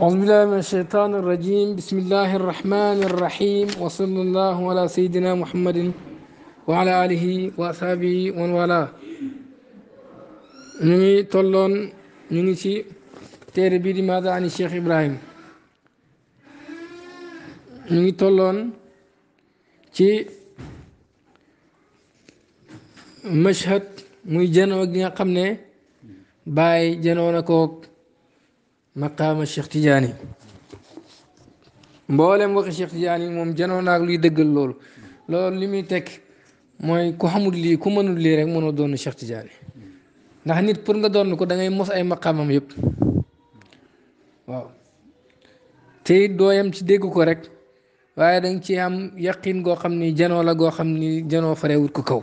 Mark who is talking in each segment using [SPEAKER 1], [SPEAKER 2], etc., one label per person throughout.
[SPEAKER 1] أعوذ بالله من الشيطان الرجيم بسم الله الرحمن الرحيم وصلى الله على سيدنا محمد وعلى آله وأصحابه ومن والاه نجي تولون نجي شي تربي ماذا عن الشيخ إبراهيم نجي تولون شي مشهد مي جنو غي خمنه باي جنو نكوك maqaama Cheikh Tidiane mboolem waxi Cheikh Tidiane moom janoo naag luy dëggal loolu loolu li muy tekk mooy ku xamul lii ku mënul lii rek mënoo doon Cheikh Tidiane ndax nit pour nga doon ko da ngay mos ay maqaamam yëpp waaw te it doo yem ci dégg ko rek waaye danga ci am yaqin goo xam ni janoo la goo xam ni janoo farewut ko kaw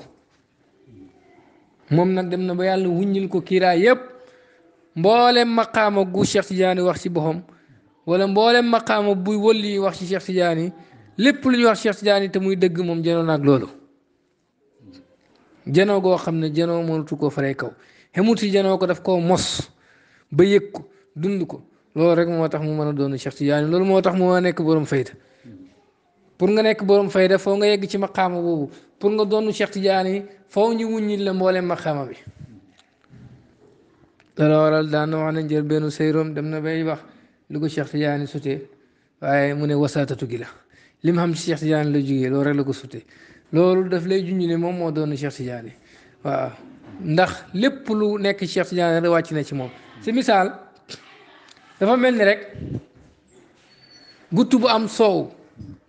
[SPEAKER 1] moom nag dem na ba yàlla wuññil ko kiiraay yëpp. mboolem maqaama gu Cheikh Tidiane wax ci boppam wala mboolem maqaama buy wëlli wax ci Cheikh Tidiane lépp lu ñuy wax Cheikh Tidiane te muy dëgg moom jënoo naag loolu jënoo goo xam ne jënoo mënatu koo kaw xemut si ko daf koo mos ba yëg ko dund ko loolu rek moo tax mu mën a doon Cheikh Tidiane loolu moo tax mu mën borom fayda pour nga nekk borom fayda foo nga yegg ci maqaama boobu pour nga doon Cheikh Tidiane foo ñu wuññil la mboolem maqaama bi. dana waral daan na wax ne njëlbeenu seyroom dem na bay wax lu ko Cheikh jaani sutee waaye mu ne wasaatatu gi la li mu xam ci Cheikh Tidiane la jógee loolu rek la ko sutee loolu daf lay junj ne moom moo doon Cheikh Tidiane waaw ndax lépp lu nekk Cheikh Tidiane rek na ci moom si misaal dafa mel ni rek gutt bu am soow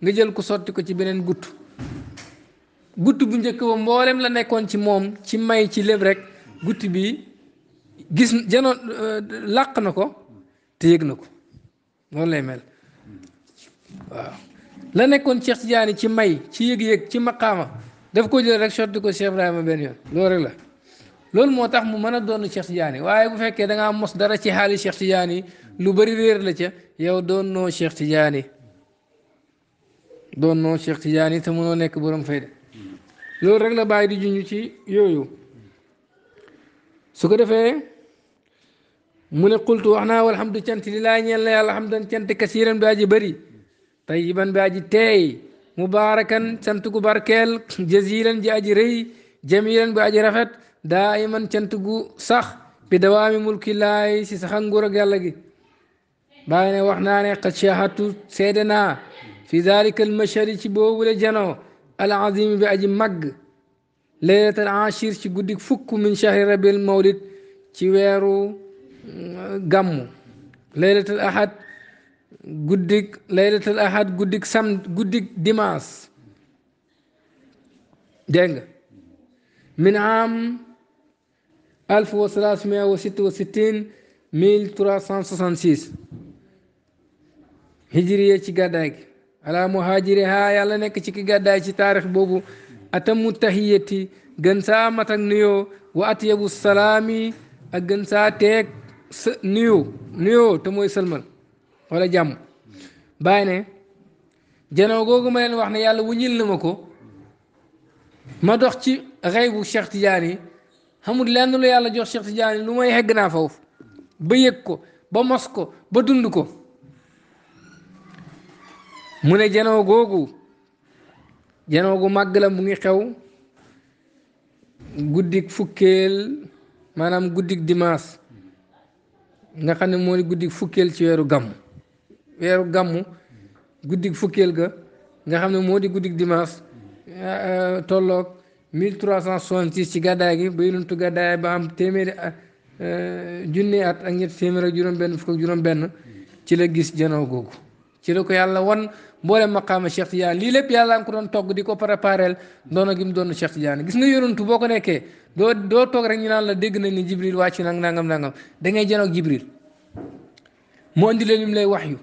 [SPEAKER 1] nga jël ko sotti ko ci beneen gutt gutt bu njëkk ba mboolem la nekkoon ci moom ci may ci lépp rek gutt bi gis janoon euh, làq na ko te yëg na ko noonu lay mel waaw la nekkoon Cheikh Tidiane ci may ci yëg-yëg ci maqaama def ko jël rek sotti ko Cheikh Ibrahima benn yoon loolu rek la loolu moo tax mu mën a doon Cheikh Tidiane waaye bu fekkee da ngaa mos dara ci xaali Cheikh Tidiane yi lu bari réer la ca yow doon noo Cheikh Tidiane doon noo Cheikh Tidiane te mënoo nekk borom fayda loolu rek la bàyyi di junj ci yow su ko defee. mu ne qultu wax naa walhamdu cant lillaahi ñeel na yàlla hamdan cant kasiiran bi aji bëri tayyiban bi aji teey mubaarakan sant gu barkeel jaziilan ji aji rëy jamiilan bi aji rafet daayiman cant gu sax bi dawaami mulkillaahi si sax nguur ak yàlla gi bàyyi ne wax naa ne qad shahatu seede naa fi dalika almashari ci boobule janoo al azimi bi aji màgg laylatal ashir ci guddik fukk min shahri rabil mawlid ci weeru gàmmu laylatul ahad guddik laylatul ahad guddik sam guddik dimanche dégg min am alf wa ci gàddaay gi ala muhajiri ha yàlla nekk ci ki gàddaay ci taarix boobu atamu tahiyati gën saa mat ak nuyoo wa salaami ak gën saa teeg sa nuyo nuyoo te mooy sëlmal wala jàmm bàyyi ne janoo googu ma leen wax ne yàlla wu na ma ko ma dox ci xaybu Cheikh Tidiane yi xamul lenn lu yàlla jox Cheikh Tidiane yi lu may xegg naa foofu ba yëg ko ba mos ko ba dund ko mu ne janoo googu janoo gu màgg la mu ngi xew guddik fukkeel maanaam guddik dimaas nga xam ne moo di guddi fukkeel ci weeru gàmm weeru gàmmu guddi fukkeel ga nga xam ne moo di guddi dimanche euh, tolloog mille trois cent soixante six ci gàddaay gi ba yonentu gàddaay ba am téeméeri at euh, junni at ak ñett téeméer ak juróom-benn fukk juróom-benn ci la gis janoo googu ci la ko yàlla wan. mboolem maqaama Cheikh Tidiane lii lépp yàlla nga ko doon togg di ko préparel doona gi mu doon Cheikh Tidiane gis nga yonantu boo ko nekkee doo doo toog ñu naan la dégg nañ ni Jibril wàcc nag nangam nangam da ngay janoog Jibril mu andi leen lim lay wax yu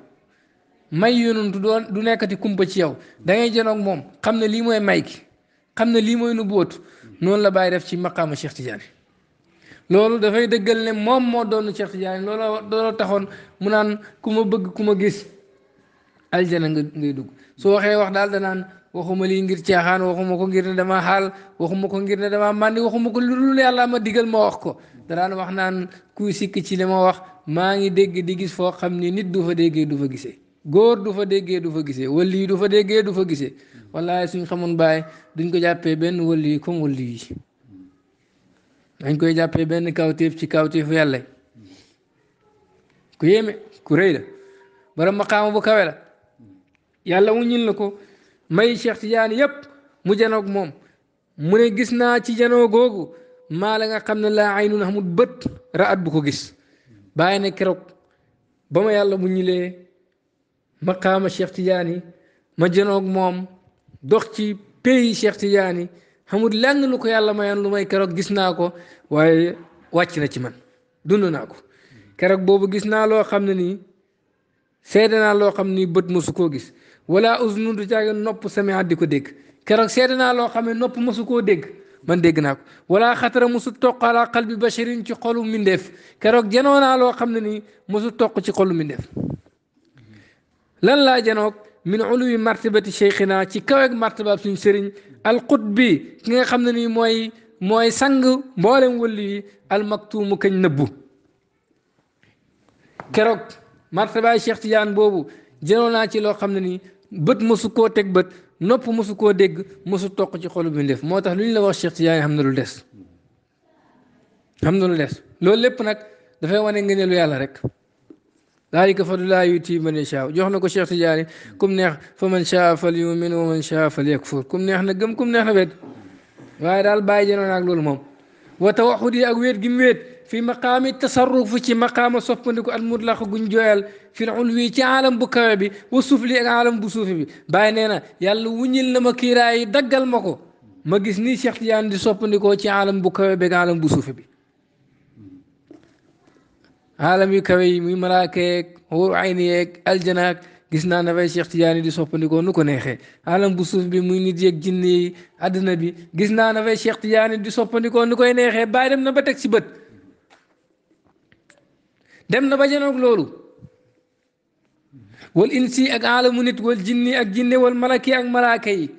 [SPEAKER 1] may yonantu doo du nekkati kumpa ci yow da ngay moom xam ne lii mooy may ki xam ne lii mooy nu bóotu noonu la bàyyi def ci maqaama Cheikh Tidiane loolu dafay dëggal ne moom moo doon Cheikh Tidiane looloo doo taxoon mu naan ku ma bëgg ku ma gis aljana nga ngay dug soo waxee wax daal danaan waxuma lii ngir caaxaan waxuma ko ngir ne dama xaal waxuma ko ngir ne dama màndi waxuma ko lu dul yàlla ma digal ma wax ko danaan wax naan ku sikk ci li ma wax maa ngi dégg di gis foo xam ni nit du fa déggee du fa gise góor du fa déggee du fa gisee wali yi du fa déggee du fa gise wallaahi suñ xamoon bàyyi duñ ko jàppee benn wali yi comme wali yi dañ koy jàppee benn kawteef ci kawteefu yàlla ku yéeme ku rëy la yàlla wuññil na ko may Cheikh Tidiane yépp mu janoog moom mu ne gis naa ci janoo googu maa la nga xam ne laa aynun xamul bët raat bu ko gis bàyyi ne keroog ba ma yàlla mu ñilee maqaama Cheikh Tidiane ma janoog moom dox ci pays Cheikh Tidiane xamul lenn lu ko yàlla mayoon lu may keroog gis naa ko waaye wàcc na ci man dund naa ko keroog boobu gis naa loo xam ne nii seede naa loo xam ni bët mosu koo gis wala usnun du caagin nopp samia di ko dégg keroog seede naa loo xam ne nopp mosu koo dégg man dégg naa ko wala xatara mosu toq ala qalbi basharin ci xolu mindeef keroog janoo naa loo xam ne nii mosu toq ci xolu mindeef lan laa janoog min uluwi martabati cheikhina ci kaweeg martabaab suñ sëriñ alqut bi ki nga xam ne nii mooy mooy sang mboolem wëlli yi almaktuumu kañ nëbbu keroog martabaay cheikh Tidiane boobu janoo naa ci loo xam ne nii bët mosu koo teg bët nopp mosu koo dégg mosu toq ci xolu bindéef moo tax lu ñu la wax Cheikh Tidiane xam na lu des xam na lu des loolu lépp nag dafay wane ngëneelu yàlla rek daalika fadlulaa yuti man yashaa jox na ko Cheikh Tidiane kum neex fa man shaa fal yumin wa man shaa fal yakfur kum neex na gëm kum neex na wet waaye daal bàyyi jënoon ak loolu moom wa tawaxud ak wéet gi mu wéet في مقام التصرف في مقام صفنك المطلق جنجوال في العلوي في عالم بكربي وسفلي عالم بسوفي بيننا يلا ونيل لما كيراي دقل مكو ما جسني شيخ يان دي صفنك عالم بكربي عالم بسوفي عالم يكوي ميمراك هو عينيك الجناك جسنا نبي شيخ تياني دي صفني كونو كنيخه عالم بوسوف بي موي نيت يك جيني ادنا بي جسنا نبي شيخ تياني دي صفني كونو كاي بايرم نبا تك سي dem na ba janoog loolu wal insi ak aalamu nit wal jinni ak jinne wal malaki ak malaaka yi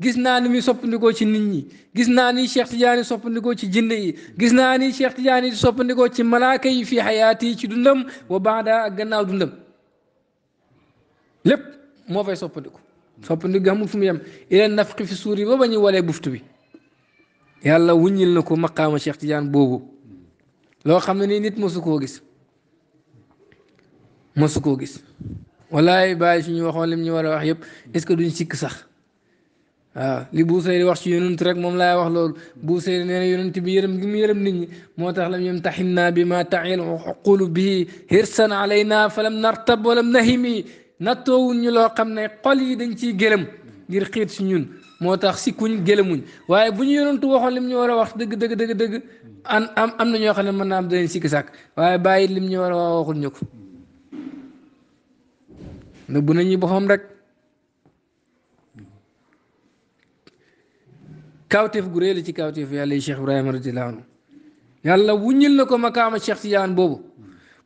[SPEAKER 1] gis naa ni muy soppandikoo ci nit ñi gis naa ni Cheikh Tidiane soppandikoo ci jinne yi gis naa ni Cheikh Tidiane soppandikoo ci malaaka yi fii xayaati ci dundam wa baada ak gannaaw dundam lépp moo fay soppandiku soppandiku amul fu mu yem ila nafqi fi suuri ba ba ñu walee bi yàlla wuññil na ko maqaama Cheikh Tidiane boobu loo xam ne nii nit mosu koo gis mosu koo gis walaay bàyyi suñu waxoon lim ñu war a wax yëpp est ce que duñ sikk sax waaw li buusay wax ci yonent rek moom laay wax loolu buusay nee na yonent bi yërëm gi mu yërëm nit ñi moo tax lam yem taxinna bi ma taxil xuqulu bii hirsan alayna falam nartab walam nahimi nattoowuñ ñu loo xam ne xol yi dañ ciy gëlëm ngir xiit si ñun moo tax sikkuñ gëlëmuñ waaye bu ñu yonentu waxoon lim ñu war a wax dëgg dëgg dëgg dëgg an am am na ñoo xam ne mën naa am danañ sikki sàkk waaye bàyyi lim ñu war a wax waxul ñu ko nëbb nañu boppam rek kawteef gu réy la ci kawteef yàlla yi Cheikh Ibrahima radiyallaahu anhu yàlla wuññil na ko makaama Cheikh Tidiane boobu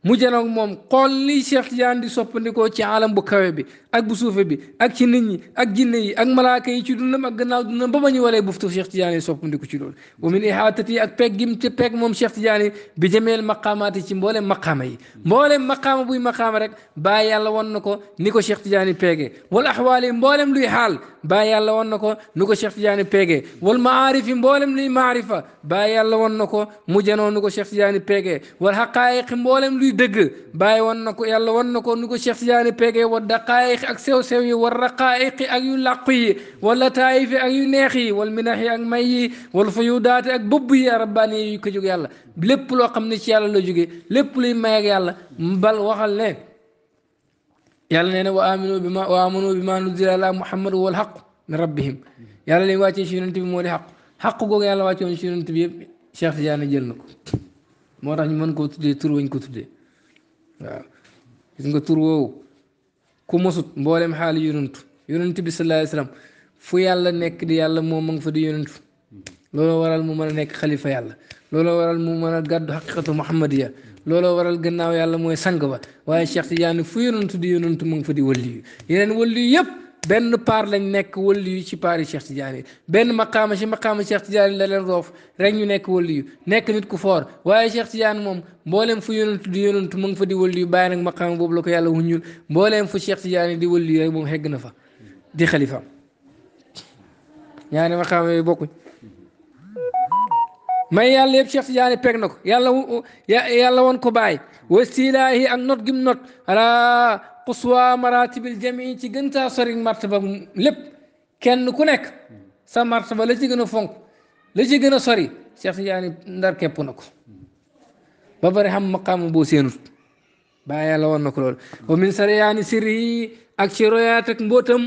[SPEAKER 1] mu janoog moom xool li Cheikh yaan di soppandikoo ci alam bu kawee bi ak bu suufe bi ak ci nit ñi ak jinne yi ak malaaka yi ci dundam ak gannaaw dundam ba ma ñu walee buftu Cheikh Tidiane yi soppandiku ci loolu wa min ihaatati ak peeg gim ci moom Cheikh Tidiane yi bi jameel maqaamaat ci mbooleem maqaama buy maqaama rek baa yàlla won na ko ni ko Cheikh Tidiane yi peegee wal axwaal yi mbooleem luy xaal baa yàlla won na ko ni ko Cheikh Tidiane yi peegee wal maarif yi mbooleem luy maarifa baa yàlla won na ko mu janoo ni ko Cheikh Tidiane yi peegee wal xaqaayiq mbooleem luy dëgg baa won na ko yàlla won na ko ni ko Cheikh Tidiane yi peegee wa التاريخ اك سيوسوي والرقائق اك يلقي واللطائف اك ينيخي والمنح اك مي والفيودات اك بوب يا رباني يكجوغ يالا لب لو خمني سي يالا لو جوغي لب لي ماغ يالا مبال وخال لي يالا نينا وامنوا بما وامنوا بما نزل على محمد والحق من ربهم يالا لي واتي شي نتي مول حق حق غوغ يالا واتي شي نتي بي شيخ جانا جيل نكو موتاخ ني مانكو تودي تور وين كو تودي واو gis nga tur woowu ku mosut mboolem xaali yonantu yonantu bi sallallahu alayhi wasallam fu yàlla nekk di yàlla moom ma nga fa di yonantu looloo waral mu mën a nekk xalifa yàlla looloo waral mu mën a gàddu xaqiqatu muhammadiya looloo waral gannaaw yàlla mooy sang ba waaye Cheikh Tidiane fu yonantu di yonantu ma nga fa di wëlli yeneen wëlli yëpp benn paar lañ nekk wëlli yu ci paari Cheikh Tidiane benn maqaama ci maqaama Cheikh Tidiane la leen roof rek ñu nekk wëlli yu nekk nit ku foor waaye Cheikh Tidiane moom mbooleem fu yonantu di yonantu mu ngi fa di wëlli yu bàyyi nag maqaama boobu la ko yàlla wuññul mbooleem fu Cheikh Tidiane di wëlli yu rek moom xegg na fa di xalifa ñaari maqaama yooyu bokkuñ may yàlla yëpp Cheikh Tidiane peg na ko yàlla yàlla woon ko bàyyi wasilaahi ak not gim not ala quswa maratibil jamii ci gën saa sori martaba lépp kenn ku nekk sa martaba la ci gën a fonk la ci gën sori Cheikh Tidiane ndar képp na ko ba bari xam maqaamu boo seenut baa yàlla woon na ko loolu wa min sariyaani sirri ak ci royaat ak mbootam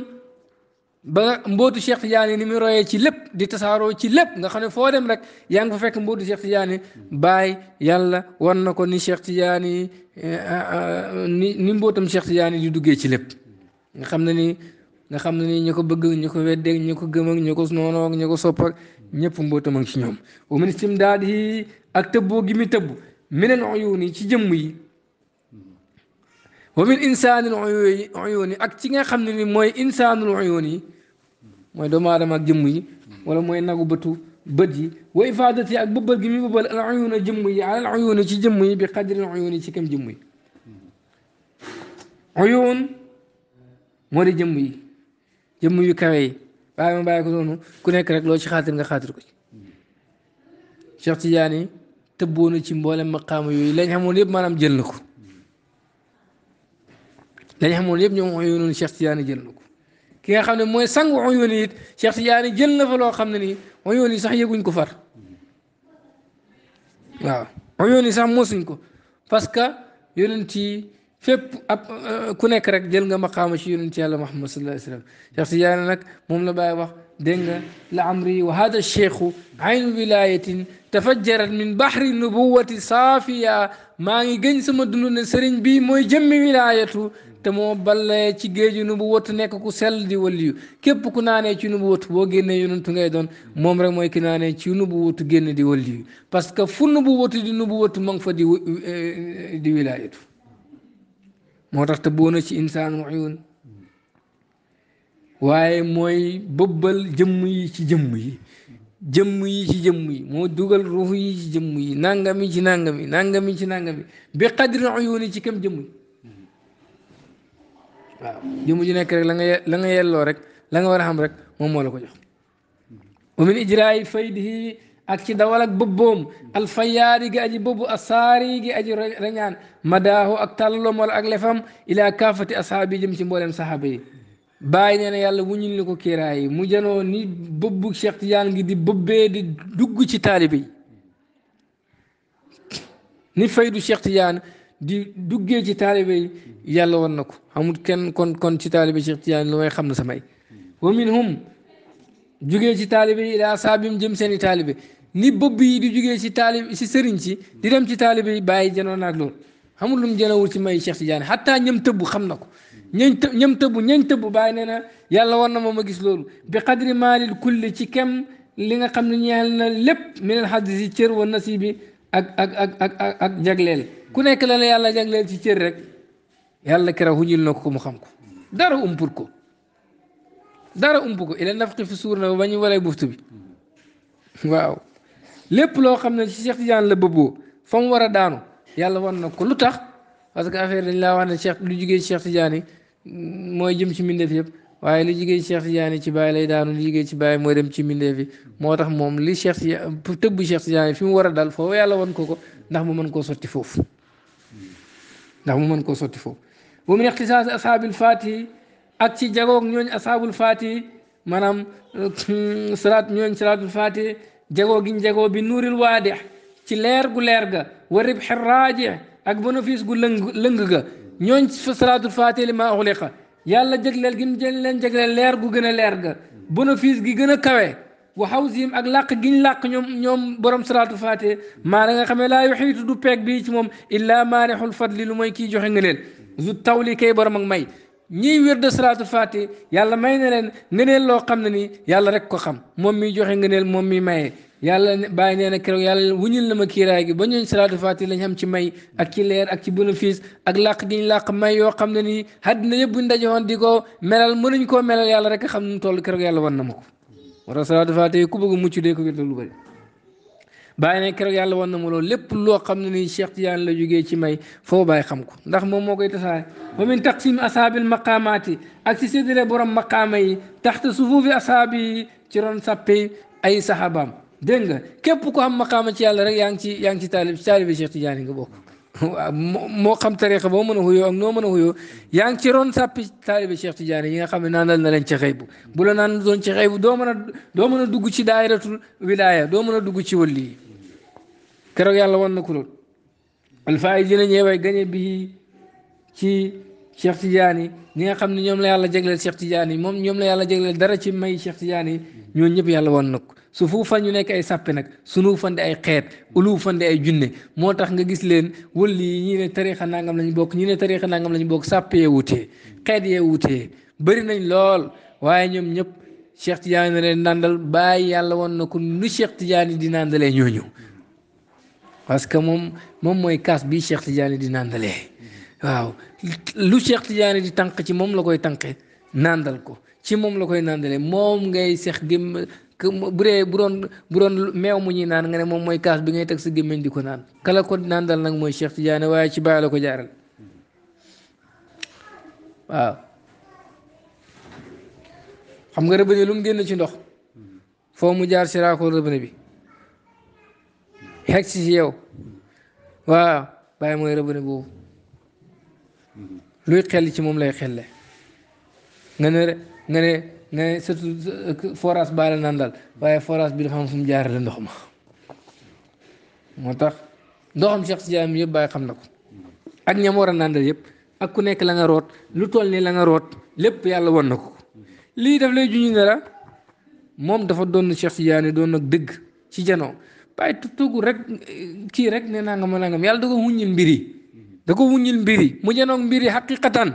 [SPEAKER 1] ba mbootu Cheikh Tidiane ni muy ci lépp di tasaaroo ci lépp nga xam ne foo dem rek yaa ngi fa fekk mbootu Cheikh Tidiane baay yàlla war na ko ni Cheikh Tidiane ni ni mbootam Cheikh Tidiane di duggee ci lépp nga xam ne ni nga xam ne ni ñu ko bëgg ñu ko weddeeg ñu ko gëm ak ñu ko noonoo ak ko sopp ñëpp mbootam ak ci ñoom wa min istimdaad yi ak tëbboo gi mi tëbb meneen oyoon yi ci jëmm yi wa min insanil uyuni ak ci nga xam ne ni mooy insanul uyuni mooy doomu aadama ak jëmm yi wala mooy nagu bëtu bët yi wa ifadati ak bëbbal gi muy bëbbal al uyuna jëmm yi alal uyuni ci jëmm yi bi qadril uyuni ci kam jëmm yi uyun moo di jëmm yi jëmm yu kawe yi bàyyi ma bàyyi ko noonu ku nekk rek loo ci xaatir nga xaatir ko ci Cheikh Tidiane tëbboona ci mboolem maqaama yooyu lañ xamoon yëpp maanaam jël na ko dañ xamul yëpp ñoom uyunoon Cheikh Tidiane jël na ko ki nga xam ne mooy sangu uyun it Cheikh Tidiane jël na fa loo xam ne nii uyun sax yëguñ ko far waaw uyun yi sax mosuñ ko parce que yonent yi fépp ab ku nekk rek jël nga maqaama ci yonent yàlla Muhammad sallallahu alayhi wa sallam Cheikh Tidiane nag moom la bàyyi wax dégg nga la amri wa hada cheikhu aynu wilayatin tafajjarat min bahri nubuwati saafiya maa ngi gëñ sama dund ne sëriñ bii mooy jëmmi wilayatu te moo ballee ci géeju nubuwatu nekk ku sell di waliyu képp ku naanee ci nubuwatu boo génnee yonantu ngay doon moom rek mooy ki naanee ci nubuwatu génn di waliyu parce que fu nubuwatu di nubuwatu ma nga fa di eh, di moo tax te boona ci insaan waaye mooy bëbbal jëmm yi ci jëmm yi jëmm yi ci jëmm yi moo dugal ruux yi ci jëmm yi nangami ci nangami nangami ci nangami bi xadri ci kam yi waaw jëmm nekk rek la nga la nga yelloo rek la nga war a xam rek moom moo la ko jox wa ijraayi faydihi ak ci dawal ak bëbboom alfayaari gi aji bëbbu asaari gi aji rañaan madaahu ak tàllaloom wala ak lefam ila kaafati ashaabi jëm ci mbooleem sahaaba yi bàyyi nee na yàlla wuññil ni ko kiiraay yi mu janoo ni bëbbu Cheikh Tidiane gi di bëbbee di dugg ci taalibe yi ni faydu Cheikh Tidiane di duggee ci taalibe yi yàlla woon na ko amul kenn kon kon ci taalibe Cheikh Tidiane lu may xam na samay wa minhum jugee ci taalibe yi ilaa saabim jëm seen i taalibe ni bëbb yi di jugee ci taalibe ci sëriñ si di dem ci taalibe yi bàyyi janoon naag loolu xamul lu mu jëlawul ci may Cheikh Tidiane hatta ñam teub xam nako ko teub të ñam tëbb ñañ tëbb bàyyi nee yàlla war na ma ma gis lool bi qadri malil kulli ci kem li nga xam ne ñeel na lépp min al yi cër wa nasibi ak ak ak ak ak jaglel ku nekk la la yàlla jaglel ci cër rek yàlla kera xujil na ko mu xam ko dara um pour ko dara um ump ko ila nafqi fi surna na ba ñu walay buftu bi waaw lépp lo xamne ci Cheikh Tidiane la bëbboo fam wara daanu yàlla wan na ko lu tax parce que affaire dañ laa wax ne Cheikh lu jugee Cheikh Tidiane mooy jëm ci mbindeef yëpp waaye lu jugee Cheikh Tidiane ci bàyyi lay daanu lu jugee ci bàyyi mooy dem ci mbindeef yi moo tax moom li Cheikh Tidiane tëbb Cheikh Tidiane fi mu war a dal foofu yàlla wan ko ko ndax mu mën koo sotti foofu ndax mu mën koo sotti foofu bu mu ixtisaas asaabil faatihi ak ci jagoog ñooñ asaabul faatihi maanaam salaat ñooñ salaatul faatihi jagoo giñ jagoo bi nuuril waadex ci leer gu leer ga والربح الراجع اكبر نفيس قول لنغغا نيون في صلاه الفاتحه لما اغلق يالا جغل لين جغل جغل لير غو غنا لير غا بنفيس غي غنا كاوي وحوزيم لاق نيوم نيوم بروم صلاه الفاتحه ما لا خمي يحيط دو بيك موم الا مانح الفضل لمي كي جوخي غنيل زو تولي كي بروم ماي ñiy wér de salaatul faate yàlla may na leen ngëneel loo xam ne ni yàlla rek ko xam moom miy joxe nga ngëneel moom mi maye yàlla bàyyi nee na keroog yàlla wuñul na ma kiiraay gi ba ñooñ salaatul faati lañ xam ci may ak ci leer ak ci bénéfice ak làq gi ñu làq may yoo xam ne nii àddina yëpp buñ daje woon di ko melal mënuñ koo melal yàlla rek xam nu mu toll keroog yàlla wan na ma ko war a salaatul faati ku bëgg mucc dee ko wér lu bëri bàyyi ne keroog yàlla wan na ma loolu lépp loo xam ne nii Cheikh Tidiane la jógee ci may foo bàyyi xam ko ndax moom moo koy tasaare wa min taqsim asaabil maqaamaati ak ci séddale borom maqaama yi taxta sufuufi asaabi yi ci ron sàppe ay saxaabaam dégg nga képp ko am maqaama ci yàlla rek yaa ngi ci yaa ngi ci taalib taalibi Cheikh Tidiane nga bokk moo xam tariqa boo mën a xuyoo ak noo mën a xuyoo yaa ngi ci ron sàppi taalibi Cheikh Tidiane yi nga xam ne naanal na leen ci xëy bu bu la naan doon ci xëy bu doo mën a doo mën a dugg ci daayiratul wilaaya doo mën a dugg ci wëlli keroog yàlla wan na kuréel alfaay dina ñëwee gañe bi ci Cheikh Tidiane ñi nga xam ne ñoom la yàlla jagleel Cheikh Tidiane moom ñoom la yàlla jagleel dara ci may Cheikh Tidiane ñoo ñëpp yàlla wan na ko su fu ñu nekk ay sàppe nag sunu fan di ay xeet ulu fan di moo tax nga gis leen wël yi ñii ne tariixa nangam lañ bokk ñii ne tariixa nangam lañ bokk sàppe yee wutee xeet yee wutee bari nañ lool waaye ñoom ñëpp Cheikh Tidiane leen nàndal bàyyi yàlla wan na ko nu Cheikh Tidiane di nàndalee ñoo ñëw parce que moom moom mooy kaas bi Cheikh Tidiane di nàndalee waaw lu Cheikh Tidiane di tànq ci moom la koy tànqe nàndal ko ci moom la koy nàndalee moom ngay sex gém bu dee doon bu meew mu ñuy naan nga ne moom mooy kaas bi ngay teg sa gémmiñ di ko naan kala ko nàndal nag mooy Cheikh jaane waaye ci bàyyi la ko jaaral waaw xam nga rëbëne lu mu génn ci ndox foo mu jaar si raakol rëbëne bi xeg si si yow waaw bàyyi mooy rëbëne boobu luy xel ci moom lay xelle nga ne nga ne nga ne surtout euh, baa la naan waaye forage bi dafa am fu mu jaarale ndox ma moo tax ndoxam Cheikh Tidiane mi yëpp bàyyi xam na ko ak ñam war a nàndal yëpp ak ku nekk la nga root lu toll nii la nga root lépp yàlla won na ko lii daf lay juñu ne la moom dafa doon Cheikh Tidiane doon nag dëgg ci janoo bàyyi tugg rek kii rek ne nangam nangam yàlla da ko wuññil mbir yi da ko wuññil mbir mu jënoog mbir yi xaqiqatan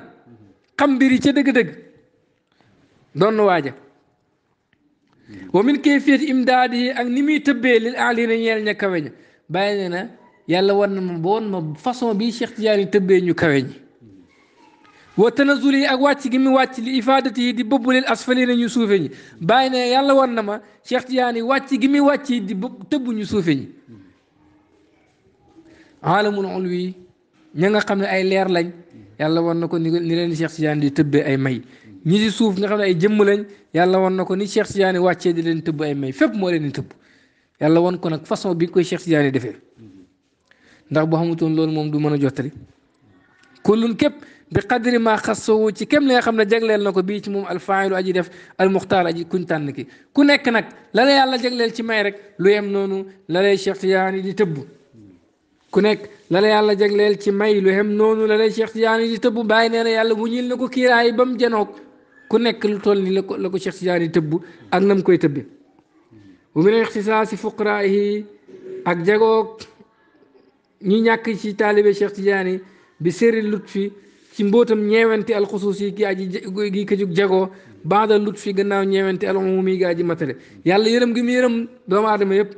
[SPEAKER 1] xam mbir yi ca dëgg-dëgg doon waaja wa min kayfiyat imdaad yi ak ni muy tëbbee lil alina ñeel ña kawe ña bàyyi na yàlla war na ma boon ma façon bi Cheikh Tidiane tëbbee ñu kawe وتنزل اقوات جمي وات لافادته دي li للاسفلين yi باين bëbb ورنما شيخ ñu وات جمي وات دي yàlla war na ma Cheikh Tidiane wàcc gi mu wàcc di bëbb tëbb ñu suufe ñi aalamul ulwi ña nga xam ne ay leer lañ yàlla war na ko ni leen Cheikh Tidiane di tëbbee ay may ñi si suuf nga xam ne ay jëmm lañ yàlla war na ko ni ndax bo xamutoon loolu mom du meuna jotali kulun kep bi qadri ma xasawu ci kem li nga xam ne jagleel na ko bii ci moom alfaayilu aji def almuxtaar aji kuñ tànn ki ku nekk nag la la yàlla jagleel ci may rek lu yem noonu la lay Cheikh Tidiane di tëbb ku nekk la la yàlla jagleel ci may lu yem noonu la lay Cheikh Tidiane di tëbb bàyyi nee na yàlla wuñil na ko kiiraay ba mu janoog ku nekk lu toll ni la ko la ko Cheikh Tidiane di tëbb ak nam koy tëbbi bu mu ne ixtisaasi fuqaraayi ak jagoog ñi ñàkk ci taalibe Cheikh Tidiane bi sëri lut fi ci mbootam ñeewante alxusuus yi gi aji gi ka jug jagoo baada lut fi gannaaw ñeewante alumum yi gi aji matale yàlla yërëm gi mu yërëm doomu aadama yëpp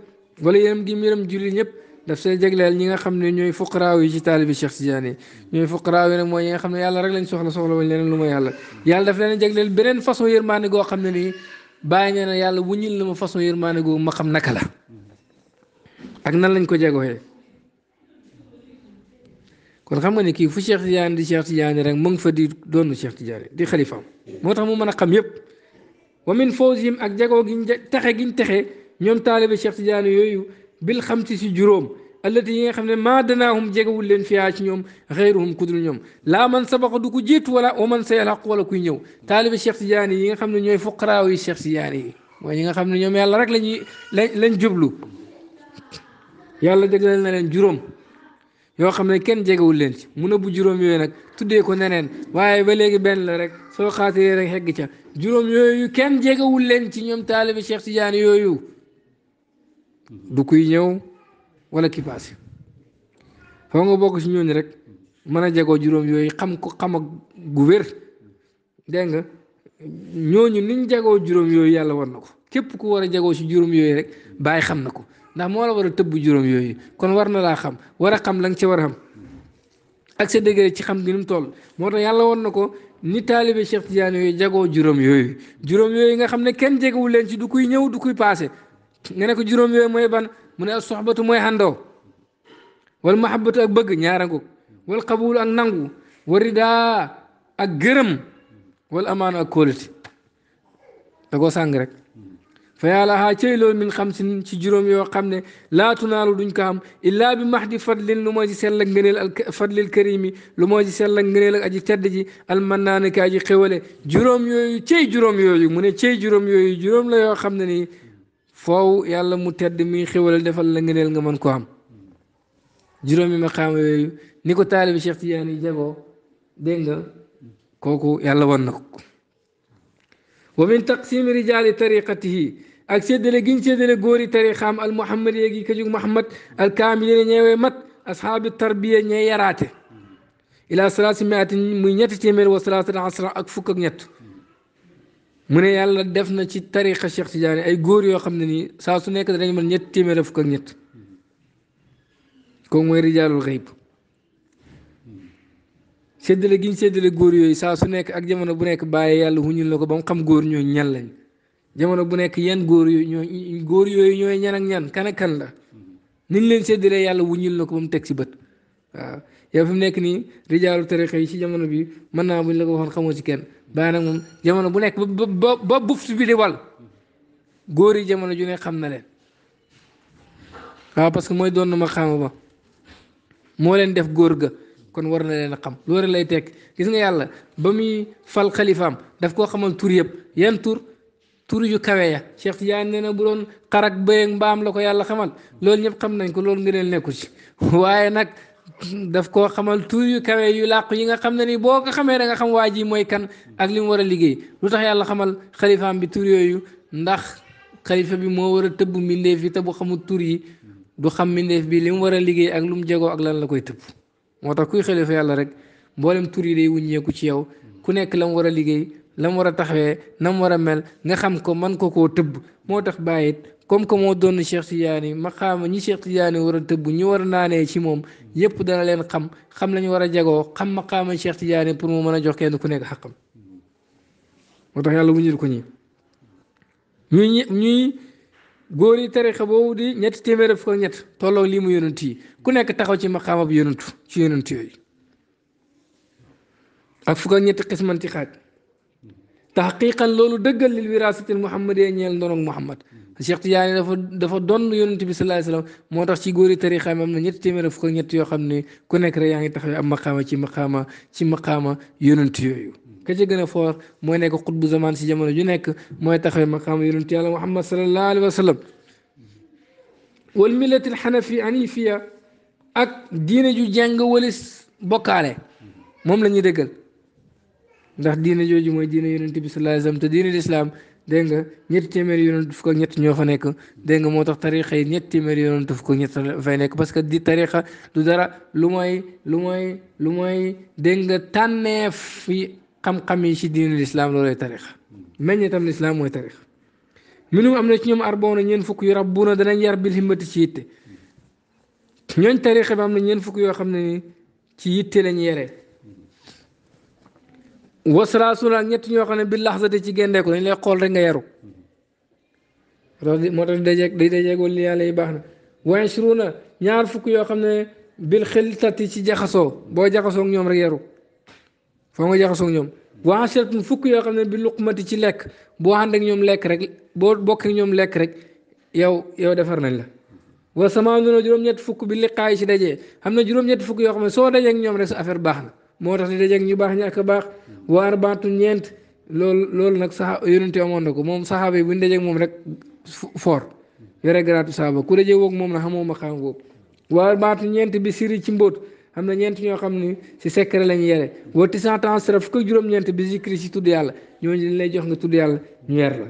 [SPEAKER 1] wala yërëm gi mu yërëm julli ñëpp daf see jegleel ñi nga xam ne ñooy fokk fuqaraaw yi ci taalibi Cheikh Tidiane ñooy fuqaraaw yi nag mooy ñi nga xam ne yàlla rek lañ soxla soxla wañ leneen lu ma yàlla yàlla daf leen jagleel beneen façon yërmaane goo xam ne nii bàyyi nee na yàlla wuñil na ma façon yërmaane goo ma xam naka la nan lañ ko jagooyee kon xam nga ne kii fu Cheikh Tidiane di Cheikh Tidiane rek mu ngi fa di doon Cheikh Tidiane di xalifaam moo tax mu mën a xam yëpp wa min fawzihim ak jagoo giñ texe giñ texe ñoom taalibe Cheikh Tidiane yooyu bil xam ci si juróom allati yi nga xam ne maa danaahum jegewul leen fiyaa ci ñoom xeyruhum kudul ñoom laa man sabaqa du ko jiitu wala wa man sayalaq wala kuy ñëw taalibe Cheikh Tidiane yi nga xam ne ñooy fuqaraaw yi Cheikh Tidiane yi mooy ñi nga xam ne ñoom yàlla rek lañuy lañ jublu yàlla jagleel na leen juróom yoo xam ne kenn jegewul leen ci mun a bu juróom yooyu nag tuddee ko neneen waaye ba léegi benn la rek soo xaatiree rek xegg ca juróom yooyu kenn jegewul leen ci ñoom taalibi Cheikh Tidiane yooyu du kuy ñëw wala ki paase foo nga bokk si ñooñu rek mën a jegoo juróom yooyu xam ko xam gu wér dégg nga ñooñu niñ jegoo juróom yooyu yàlla war na ko képp ku war a jegoo si juróom yooyu rek bàyyi xam na ko ndax moo la war a tëbb juróom yooyu kon war na laa xam war a xam la nga ci war a xam ak sa ci xam gi ni mu moo tax yàlla woon na ko ni taalibe Cheikh Tidiane yooyu jagoo juróom yooyu juróom yooyu nga xam ne kenn jegewul leen ci du kuy ñëw du kuy paase nga ne ko juróom yooyu mooy ban mu ne soxbatu mooy xandoo wal mahabbatu ak bëgg ñaara ko wal qabul ak nangu wal ridaa ak gërëm wal amaano ak kóolite da koo sàng rek فيالها تيلو من خمسين تجروم يوقمنا لا تنالو دنكام إلا بمحد فضل لماجي سلق غنيل فضل الكريمي لماجي سلق غنيل أجي تردجي المنان كاجي خيولي جروم يوي تي جروم يوي مني تي جروم يوي جروم لا يوقمنا فاو يالا متد مي خيولي دفل لغنيل غمان كوام جرومي مقام يوي نيكو تالي بشيخ تياني جابو دينغا كوكو يالا ونكو ومن تقسيم رجال طريقته اكسي دلجين سي دلغوري تاريخام المحمد يجي كجو محمد الكامل نيوي مات اصحاب التربيه ني يراتي الى 300 مي نيت تيمر و 310 اك فوك اك نيت من يالا دفنا سي تاريخ الشيخ تجاني اي غور يو خمنني سا سو نيك داني مل نيت تيمر فوك اك نيت كو موي رجال الغيب سيدل جين سيدل غور يو سا سو نيك اك جامونو بو نيك باي يالا هوني لوكو بام خم غور ньо ñal lañ jamono bu nekk yan góor yooyu ñooy góor yooyu ñooy ñan ak ñan kan ak kan la niñ leen séddalee yàlla wuññil na ko ba mu teg ci bët waaw yow fi mu nekk nii rijaalu tariqa yi ci jamono bi mën naa buñ la ko waxoon xamoo ci kenn bàyyi nag moom jamono bu nekk ba ba buft bi di wal góor yi jamono ju ne xam na leen waaw parce que mooy doon na ma xaama ba moo leen def góor ga kon war na leen a xam loolu lay tekk gis nga yàlla ba muy fal xalifaam daf koo xamal tur yëpp yan tur tur yu kawe ya Cheikh Tidiane nee na bu doon xarak bëyeeg mbaam la ko yàlla xamal loolu ñëpp xam nañ ko loolu nga leen nekku ci waaye nag daf koo xamal tur yu kawe yu làqu yi nga xam ne ni boo ko xamee da nga xam waa ji mooy kan ak li mu war a liggéey lu tax yàlla xamal xalifaam bi tur yooyu ndax xalifa bi moo war a tëbb mbindeef yi te bu xamul tur yi du xam mbindeef bi li mu war a liggéey ak lu mu jegoo ak lan la koy tëbb moo tax kuy xalifa yàlla rek mboolem tur yi day wuññeeku ci yow ku nekk la mu war a liggéey la mu war a taxawee na mu war a mel nga xam ko man ko koo tëbb moo tax bàyyit comme que moo doon Cheikh Tidiane maqaama ñi Cheikh Tidiane war a tëbb ñu war a naanee ci moom yépp dana leen xam xam lañu war a jegoo xam maqaama ti Tidiane pour mu mën a jox kenn ku nekk xaqam moo tax yàlla wuñul ko ñi ñuy ñuy góor yi tarixa boobu di ñetti téeméer fukk ak ñett tolloog lii mu yonent yi ku nekk taxaw ci maqaama bu yonentu ci yonent yooyu ak fukk ak ñetti xismanti تحقيقا لولو دغال للوراثه المحمديه نيل نورك محمد الشيخ تياني دا دا دون يونت بي صلى الله عليه وسلم موتاخ سي غوري تاريخ ام نيت تيمر فك نيت يو خامني كو نيك ري ياغي تخي ام مقامه سي مقامه سي مقامه يونت يو كاجي غنا فور موي نيك خطب زمان سي جامونو جو نيك موي تخي مقام يونت يالله محمد صلى الله عليه وسلم والملة الحنفي عنيفية أك دين جو جنگ ولس بوكالي موم لا ني دغال ndax diine jooju mooy diine yonent bi sallallahu alayhi wasallam te diine lislaam dégg nga ñett téeméeri yonent fukk ko ñett ñoo fa nekk dégg nga moo tax tariqa yi ñett téeméeri yonent fukk ko ñett fay nekk parce que di tariqa du dara lu mooy lu mooy lu mooy dégg nga tànneef yi xam-xam yi si diine lislaam loolay tariqa meññ tam lislaam mooy tariqa mi nu am na ci ñoom arboona ñeen fukk yu rab rabbuuna danañ yar bil himmati ci yitte ñooñ tariqa bi am na ñeen fukk yoo xam ne ni ci yitte lañ yere wasalaasu la ñett ñoo xam ne bi laxsate ci gendeeku dañ lay xool rek nga yaru moo tax dajeeg day dajeeg wala yàlla yi baax na waaye suru na ñaar fukk yoo xam ne bil xiltati ci jaxasoo boo jaxasoo ak ñoom rek yaru foo nga jaxasoo ak ñoom waa seetlu fukk yoo xam ne bi luqmati ci lekk boo ànd ak ñoom lekk rek boo bokk ak ñoom lekk rek yow yow defar nañ la wa sama nuna juróom-ñett fukk bi liqaay ci dajee xam ne juróom-ñett fukk yoo xam ne soo dajee ak ñoom rek sa affaire baax na moo tax di dajeeg ñu baax ñàkk baax hmm. wa arbaatu ñeent loolu loolu nag sax yonente amoon na ko moom saxaaba yi bu ñu dajeeg moom rek fort yore garaatu saxaaba ku dajee moom na xamoo ma xaam woog wa arbaatu ñeent bi siri ci mbóot am na ñeent ñoo xam ni si secret lañu yere wa tisant ansra fukk juróom-ñeent bi zikri si tudd yàlla ñoo dañ lay jox nga tudd yàlla ñu yer la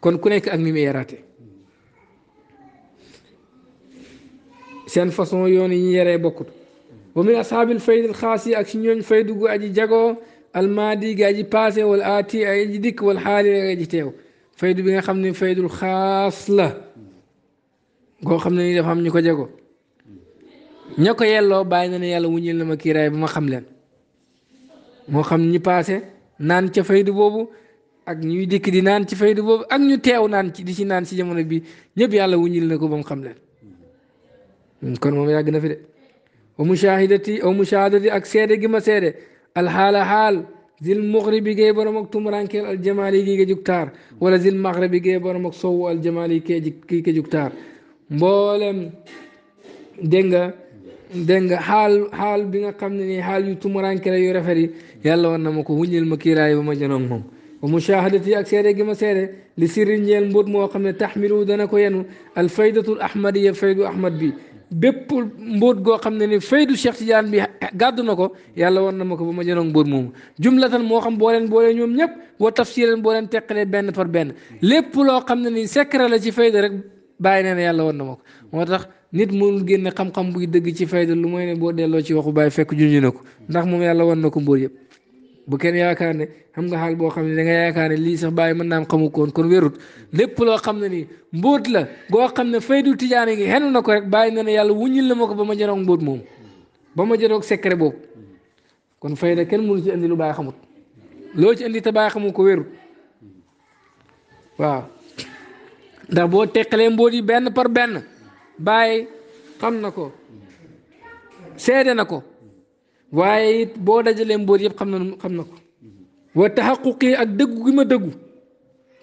[SPEAKER 1] kon ku nekk ak ni yaraate hmm. seen façon yoon yi ñu yeree bokkut wa min ashabil fayd al khasi ak si ñooñ faydu gu aji jagoo al maadi gi aji passé wal aati ay aji dikk wal xaali ak aji teew faydu bi nga xam ne faydul xaas la goo xam ne ni dafa am ñu ko jago ña ko yelloo bàyyi na ne yàlla wuññil na ma kiiraay ba ma xam leen moo xam ñi passé naan ca faydu boobu ak ñuy dikk di naan ci faydu boobu ak ñu teew naan ci di ci naan ci jamono bi ñëpp yàlla wuññil na ko ba mu xam leen kon moom yàgg na fi de ومشاهدتي أو مشاهدة أكسير جما سيرة الحال حال ذي المغرب جاي برمك تمران كي الجمالي كي جكتار ولا ذي المغرب جاي برمك سو الجمالي كي كي جكتار بولم دنگا دنگا حال حال بينا قمني حال يو تمران كي يو رفري يلا وانا مكو هني المكيراي وما جنونهم ومشاهدة أكثر جما سيرة لسيرين مبوت مو قمنا دنا الفائدة الأحمدية فائدة أحمد بي bépp mbóot goo xam ne ni faydu Cheikh Tidiane bi gàddu na ko yàlla war na ma ko ba ma jënoog mbóot moomu jumlatan moo xam boo leen boolee ñoom ñëpp wa tafsiran boo leen teqalee benn par benn lépp loo xam ne ni secret la ci fayda rek bàyyi nee na yàlla war na ma ko moo tax nit mënul génne xam-xam buy dëgg ci fayda lu mooy ne boo delloo ci waxu bàyyi fekk junj na ko ndax moom yàlla war na ko mbóot yëpp bu kenn yaakaar ne xam nga xaal boo xam ne danga yaakaar ne lii sax baay mën naa am xamu koon kon wérut lépp loo xam ne nii mbóot la goo xam ne faydu tijaane gi xenu na ko rek bàyyi na ne yàlla wuññil na ma ko ba ma jëloog mbóot moom ba ma jëloog secret boobu kon fayda kenn mënu ci indi lu bàyyi xamut loo ci indi te bàyyi xamu ko wérut waaw ndax boo teqalee mbóot yi benn par benn bàyyi xam na ko seede na ko waaye it boo dajalee mbóot yëpp xam na xam na ko wa taxaquqi ak dëggu gi ma dëggu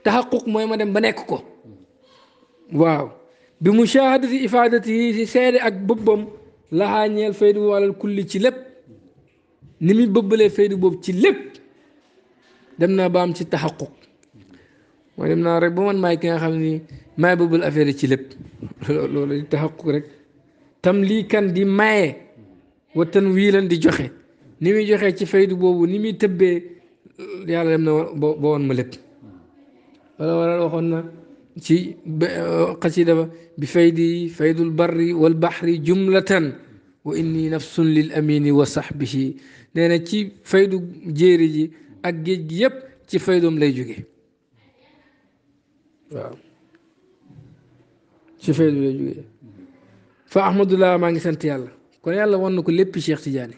[SPEAKER 1] taxaquq mooy ma dem ba nekk ko waaw bi mushahadati ifadati yi si seede ak bëbbam laxaa ñeel faydu wàllal kulli ci lépp ni muy bëbbalee faydu boobu ci lépp dem naa ba am ci taxaquq mooy dem naa rek ba man maay ki nga xam ni maay bëbbal affaire yi ci lépp loolu di taxaquq rek tam lii kan di maye. wa tanwilan di joxe ni muy joxe ci faydu boobu ni muy tëbbee yàlla dem na ba woon ma lépp wala wala waxoon na ci xasida ba bi faydi faydul barri wal baxri jumlatan wa inni nafsun lil amini wa sahbihi nee na ci faydu jéeri ji ak géej gi yépp ci faydum lay jóge waaw ci faydu lay jóge fa ahmadullah maa ngi sant yàlla kon yàlla wan na ko léppi Cheikh Tidiane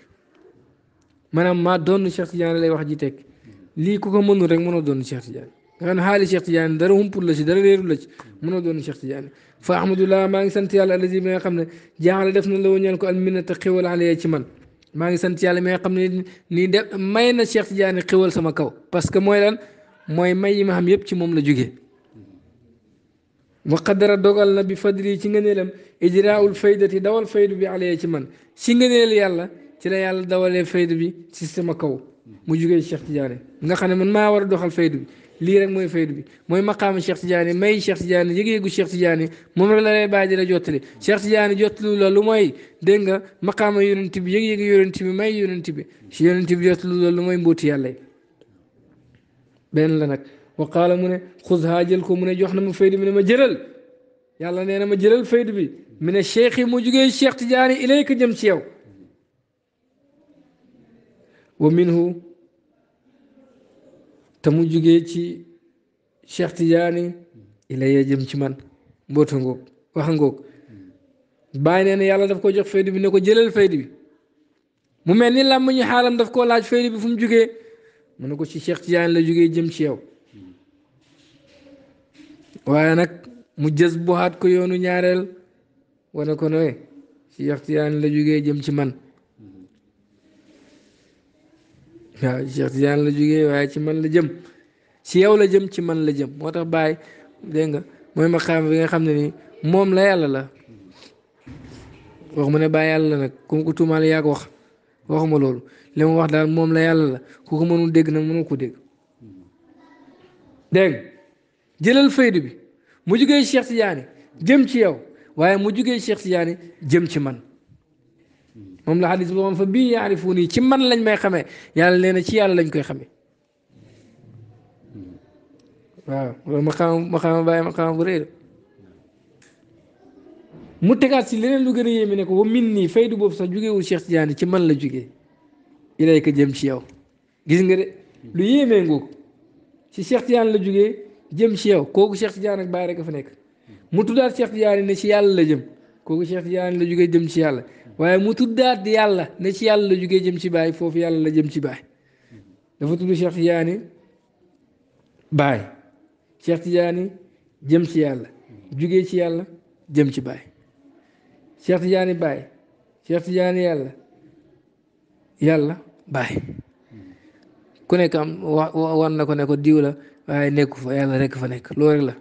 [SPEAKER 1] maanaam maa doon Cheikh Tidiane lay wax ji teg lii ku ko mënul rek mënoo doon Cheikh Tidiane nga ne xaali Cheikh Tidiane dara humpul la ci dara réerul la ci mënoo doon Cheikh Tidiane fa ahmadullah maa ngi sant yàlla alazi bi nga xam ne jaaxle def na la woon ñaan ko almina te xéwal alayya ci man maa ngi sant yàlla mi nga xam ne nii de may na Cheikh Tidiane xéwal sama kaw parce que mooy lan mooy may yi ma xam yëpp ci moom la jógee waqadara dogal na bi fadli ci ngëneelam ijraul faydati dawal faydu bi alayya ci man si ngëneel yàlla ci la yàlla dawalee faydu bi si sama kaw mu jugee Cheikh Tidiane nga xam ne man maa war a doxal faydu bi lii rek mooy faydu bi mooy maqaama Cheikh Tidiane may Cheikh Tidiane yëgeegu Cheikh Tidiane moom la lay bàyyi di la jottali Cheikh Tidiane jottalu la lu mooy dégg nga maqaama yonent bi yëgeegu yonent bi may yonent bi si yonent bi jottalu la lu mooy mbóoti yàlla la nag. waqaala mu ne xus haa jël ko mu ne jox na ma fayda bi ne ma jëlal yàlla nee na ma jëlal fayda bi mu ne cheikh yi mu jugee cheikh tijaani ilayka jëm ci yow wa minhu te mu jugee ci cheikh tijaani ilaya jëm ci man mboota ngoog waxa ngoog bàyyi nee na yàlla daf ko jox fayda bi ne ko jëlal fayda bi mu mel ni làmm ñu xaalam daf koo laaj fayda bi fu mu jugee mu ne ko ci cheikh tijaani la jugee jëm ci yow waaye nag mu jës bu xaat ko yoonu ñaareel wane ko noy ci yaxtiyaan la jógee jëm ci man waaw ci yaxtiyaan la jógee waaye ci man la jëm ci yow la jëm ci man la jëm moo tax dégg nga mooy maqaam bi nga xam ne nii moom la yàlla la wax mu ne bàyyi yàlla la nag ku ma ko tuumaale yaa ko wax waxuma loolu li wax daal moom la yàlla la ku ko mënul dégg nag mënul ko dégg dégg jëlal faydu bi mu jugee Cheikh Tidiane jëm ci yow waaye mu jugee Cheikh Tidiane jëm ci man moom la xadis bi fa bii yaarifuuni ci man lañ may xamee yàlla nee na ci yàlla lañ koy xamee waaw loolu ma xam ma ma xam bu mu tegaat si leneen lu gën a yéeme ne ko wa min nii faydu boobu sax jugeewul Cheikh Tidiane ci man la jugee ilayka jëm ci yow gis nga de lu yéemee ngoo ci Cheikh Tidiane la jugee. jëm ci yow kooku Cheikh Tidiane ak Baye rek fa nekk hmm. mu tuddaat Cheikh Tidiane ne ci yàlla la jëm kooku Cheikh Tidiane la jógee jëm ci yàlla hmm. waaye mu tuddaat yàlla ne ci yàlla la jógee jëm ci Baye foofu yàlla la jëm ci Baye hmm. dafa tudd Cheikh Tidiane jëm ci yàlla ci yàlla jëm ci Baye Cheikh Tidiane Baye yàlla yàlla ku nekk am wa war na ko ne ko diw la. waaye nekku fa yàlla rek fa nekk loolu la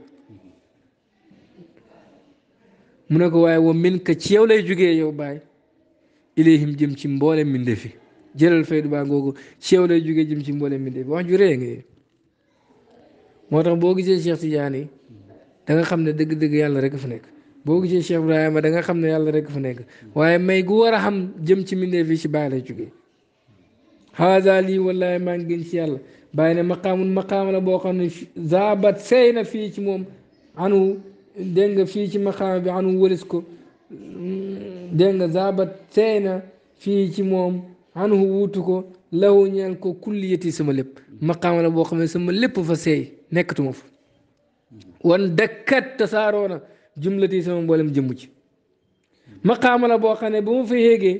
[SPEAKER 1] mu ne ko waaye wa min ka ci yow lay jugee yow baay ilayhim jëm ci mboolem fi jëlal fay du baa googu ci yow jugee jëm ci mboolem mbindeefi wax juree rëy nga moo tax boo gisee Cheikh Tidiane da nga xam ne dëgg-dëgg yàlla rek fa nekk boo gisee Cheikh Ibrahima da nga xam ne yàlla rek fa nekk waaye may gu war a xam jëm ci mbindeef yi ci baay lay jugee haada lii wallaahi maa ngi gën ci yàlla bàyyi ne maqaamul maqaama la boo xam ne zaabat sey na fii ci moom anu nga fii ci maqaama bi anu wëlis ko dégg nga zaabat sey na fii ci moom anu wuutu ko law ñeel ko kulliyati sama lépp maqaama la boo xam ne sama lépp fa seey nekkatuma fa wan dëkkat tasaaroona jumlati sama mboolem jëmm ci maqaama la boo xam ne ba mu fa yéegee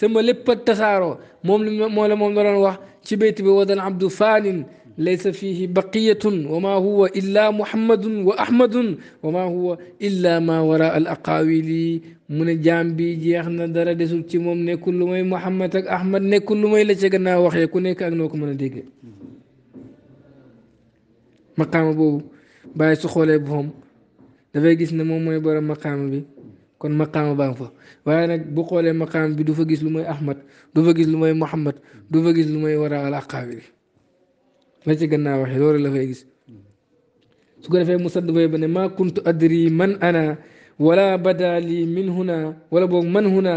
[SPEAKER 1] سما لب التخارو مول مول مول مول وح تبيت بودن عبد فان ليس فيه بقية وما هو إلا محمد وأحمد وما هو إلا ما وراء الأقاويل من جانبي جيخنا دارا دي سوتي موم نيكول موي محمد اك احمد نيكول موي لا سي غنا واخي كو نيك اك نوكو مانا ديغي مقام بو باي سو خوله بوم دا فاي غيس ني موم موي بروم مقام بي kon maqama baa fa waaye nag bu xoolee maqaam bi du fa gis lu mooy Ahmad du fa gis lu mooy Muhammad du fa gis lu mooy wara al aqaabiri la ci gannaaw waxee loolu la fay gis su ko defee mu sadd fay ba ne maa kuntu adri man ana wala bada lii min huna wala boog man huna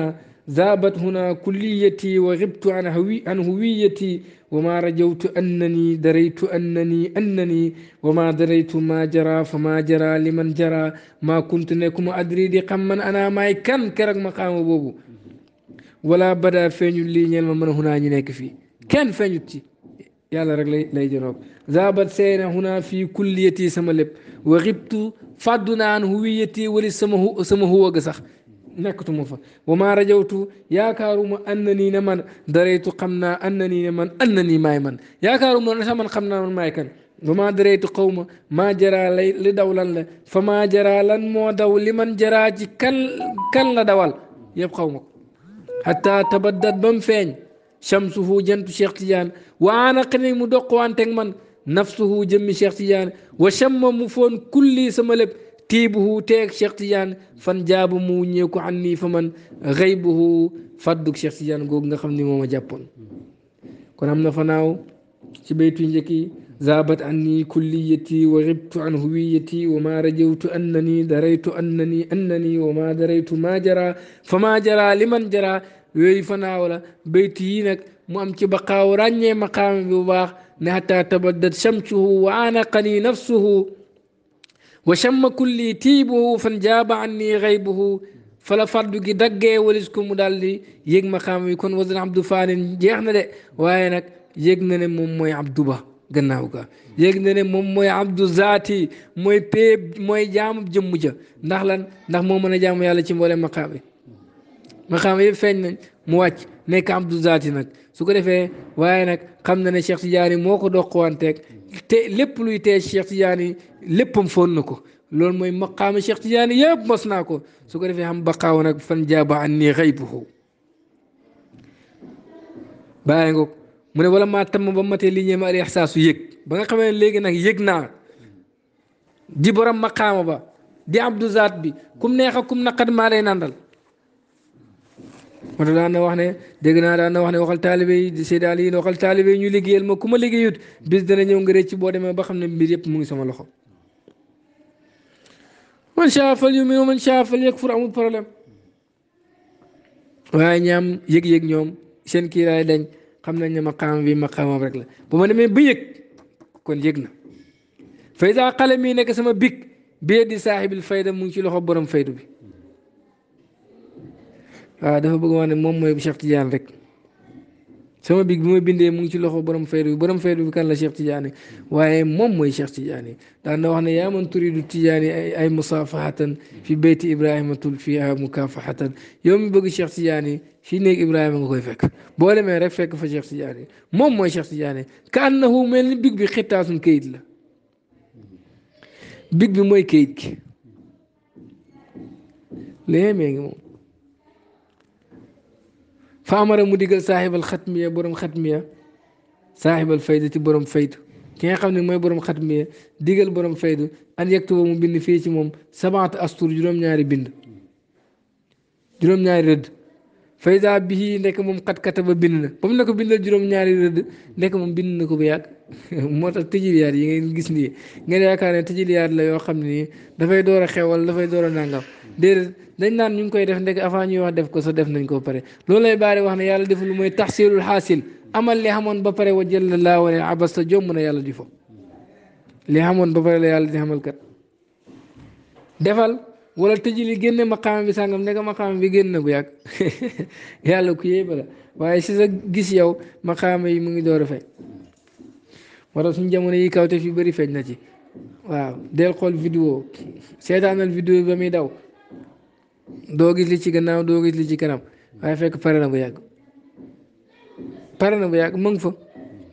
[SPEAKER 1] ذابت هنا كليتي وغبت عن, هوي عن هويتي وما رجوت أنني دريت أنني أنني وما دريت ما جرى فما جرى لمن جرى ما كنت نكم أدري دي قمن أنا ماي كان كرق مقام بوبو ولا بدا فين لي نيل من هنا ني نيك في كان فين يتي يالا رك لاي جنوب ذابت سينا هنا في كليتي سملب وغبت فدنا عن هويتي ولسمه سمه هو سما nekkatuma fa wa maa rajawtu yaakaaruma an na nii ne man dareytu xam naa an na nii ne man an na nii maay man yaakaaruma ne sax man xam naa man maay kan wa maa dareytu xaw ma maa jaraa lay li daw lan la fa maa jaraa lan moo daw li man jaraa ci kan kan la dawal yëpp xaw ma ko xataa tabaddat ba mu feeñ shamsuhu jantu Cheikh Tidiane waana xani mu doqwanteeg man nafsuhu jëmmi Cheikh Tidiane wa shamma mu foon kulli sama lépp tiibuhu teeg Cheikh Tidiane fan jaabu mu wuññeeku an nii fa man xaybuhu fàddug Cheikh Tidiane googu nga xam ni moom a jàppoon kon am na fanaaw ci baytu njëkk yi zaabat an nii kulliyati wa ribtu an huwiyati wa maa rajawtu annani daraytu annani annani wa maa daraytu maa jara fa maa jara liman jara yooyu fanaaw la baytu yi nag mu am ci baqaaw ràññee maqaam bi bu baax ne xataa tabaddat shamsuhu wa aanaqani nafsuhu وشم كل تيبه فنجاب عني غيبه فلا فرد كي دقة ولسكم مدلي يج ما خام يكون وزن عبد فارن جهنا ده وينك يجنا نمومي عبد با جناوكا يجنا نمومي عبد ذاتي موي بيب موي جام جمجة نخلن نخ مومنا جام يالله تيم ولا مقامي مقامي فين مواجه nekk abdu zaati nag su ko defee waaye nag xam na ne Cheikh Tidiane moo ko doqwanteeg te lépp luy tee Cheikh Tidiane léppam foon na ko loolu mooy maqaama Cheikh Tidiane yëpp mos naa ko su ko defee xam baqaaw nag fan jaaba an nii xaybuhu bàyyi nga mu ne wala maa tam ba matee lii ñeema al ixsaasu yëg ba nga xamee ne léegi nag yëg naa di borom maqaama ba di abdu zaat bi kum neex ak kum naqat maa lay nandal moo tax daan na wax ne dégg naa daan na wax ne waxal taalibe yi di seede Aliyu waxal taalibe yi ñu liggéeyal ma ku ma liggéeyut bis dana ñëw nga rëcc boo demee ba xam ne mbir yëpp mu ngi sama loxo man caafal yu min ñaam yëg-yëg ñoom seen kiiraay dañ xam nañ ne maqaam bi maqaamam rek la bu ma demee ba yëg kon yëg na fayda xale mii nekk sama big bi di saaxibil fayda mu ngi ci loxo borom faydu bi waaw dafa bëgg wax ne moom mooy Cheikh Tidiane rek sama big bi ma bindee mu ngi ci loxo borom fayda bi borom fayda bi kan la Cheikh Tidiane waaye moom mooy Cheikh Tidiane daan na wax ne yaa man du Tidiane ay ay musaafahatan fi beyti Ibrahima tul fiha mukafahatan yow mi bëgg Cheikh Tidiane fi néeg Ibrahima nga koy fekk boo demee rek fekk fa Cheikh Tidiane moom mooy Cheikh Tidiane ka annahu mel ni big bi xittaasum kayit la big bi mooy kayit gi léegi léemee ngi moom. fa amara mu digal saaxibal xatmiya borom xatmiya saaxibal fayda ci borom faydu ki nga xam ne mooy borom xatmiya digal borom faydu an yaktuba mu bind fii ci moom sabaat astur juróom-ñaari bind juróom-ñaari rëdd فإذا به لك مم قد كتب بيننا بم نكو بيننا جروم نياري رد لك مم بين نكو بياك موتا تجي ليار يغي نغيس ني نغي ليا كان تجي ليار لا يو خامني دا فاي دورا خيوال دا فاي دورا نانغام دير دنج نان نيم كوي ديف نيك افا ني واخ ديف كو سو ديف نان يالا ديف لو موي تحصيل الحاصل امال لي حمون با وجل الله ولا عبس جومنا يالا ديفو لي حمون با بري يالا دي حمل كات wala tëji li génne maqaama bi sàngam ndeka maqaama bi génn na bu yàgg yàlla ku yéeba waaye si sa gis yow maqaama yi mu ngi door a feeñ moo tax suñu jamono yi kawteef yu bëri feeñ na ci waaw del xool vidéo seetaanal vidéo ba muy daw doo gis li ci gannaaw doo gis li ci kanam waaye fekk pare na bu yàgg pare na bu yàgg mu fa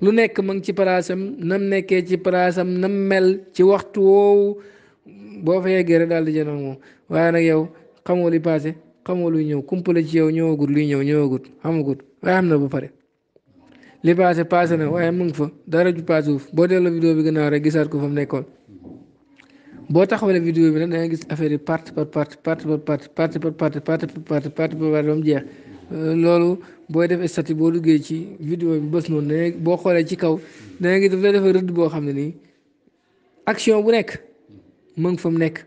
[SPEAKER 1] lu nekk mu ci palaasam nam nekkee ci palaasam nam mel ci waxtu woow boo fa yeggee rek daal di jënd moom waaye nag yow xamoo li passé xamoo luy ñëw kumpale ci yow ñëwagut luy ñëw ñëwagut xamagut waaye am na bu pare. li passé passé na waaye mu ngi fa dara ju passé wuuf boo delloo vidéo bi gannaaw rek gisaat ko fa mu nekkoon boo taxawalee vidéo bi nag da gis affaire yi partie par partie partie par partie partie par partie partie par partie partie par partie ba mu jeex. Euh, loolu booy def statut boo duggee ci video bi bës noonu da boo xoolee ci kaw da nga gis daf lay defee rëdd boo xam ne nii action bu nekk. mu ngi fa mu nekk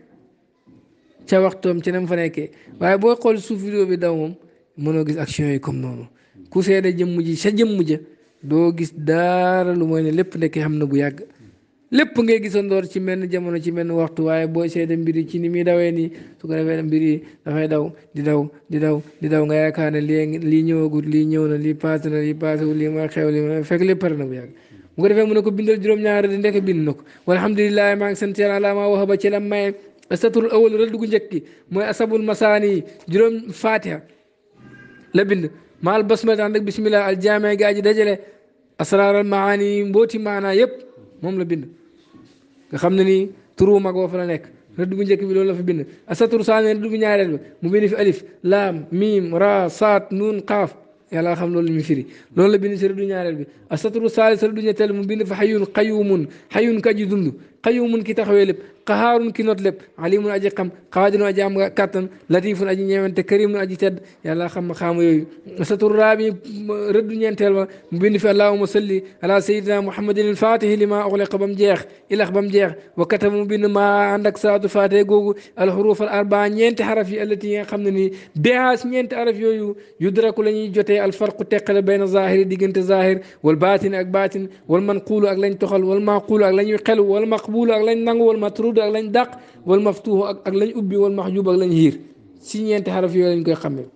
[SPEAKER 1] ca waxtoom ci na mu fa nekkee waaye boo xool suuf bi daw moom mënoo gis action yi comme noonu ku seede jëmm ji sa jëmm doo gis dara lu mooy ne lépp nekk xam na bu yàgg lépp ngay gisandoor ci menn jamono ci menn waxtu waaye boo seede mbir yi ci ni muy dawee nii su ko defee mbir yi dafay daw di daw di daw di daw nga yaakaar ne lii lii ñëwagut lii ñëw na lii paase na lii paase wu lii mooy xew lii mooy fekk lépp pare na bu yàgg. bu fe munako bindal juróom-ñaari de ndekk bind nako ko ma ngi sant yàlla ala ma wahaba ci lam may asatul awal rëdd dugu njëkk moy asabul masani juróom fatiha la bind mal basmala ànd ak bismillah al jami' gaaji dajale asrar al maani mboti maanaa yëpp mom la bind nga xamna ni turu mag woo fa la nek rëdd bu njëkk bi loolu la fa bind asatur saani rëdd bu ñaareel bi mu bind fi alif laam miim ra saat nuun qaaf yàlla xam loolu mi firi loolu la bind sëri du ñaareel bi asatru saali sëri du ñetteel mu bind fa xayun xayumun xayun ka ji dund xayumun ki taxawee lépp قهار كي نطلب عليم اجي خم قادر اجي ام كاتن لطيف اجي نيمنت كريم اجي تد يلا خم خام يوي ستر رابي رد نينتل بن في اللهم صلي على سيدنا محمد الفاتح لما اغلق بم جيخ الى بم جيخ وكتب بن ما عندك سعد فاتح غوغ الحروف الاربع نينت حرف التي خمني بهاس نينت حرف يوي يدرك لني جوتي الفرق تقل بين ظاهر ديغنت ظاهر والباطن اك باطن والمنقول اك لن تخل والمعقول اك لن يقل والمقبول اك لن نغ والمطرود mamduud ak lañ dàq wal maftuuhu ak ak lañ ubbi wal maxjuub ak lañ xiir si ñeenti xaraf yooyu lañ koy xàmmee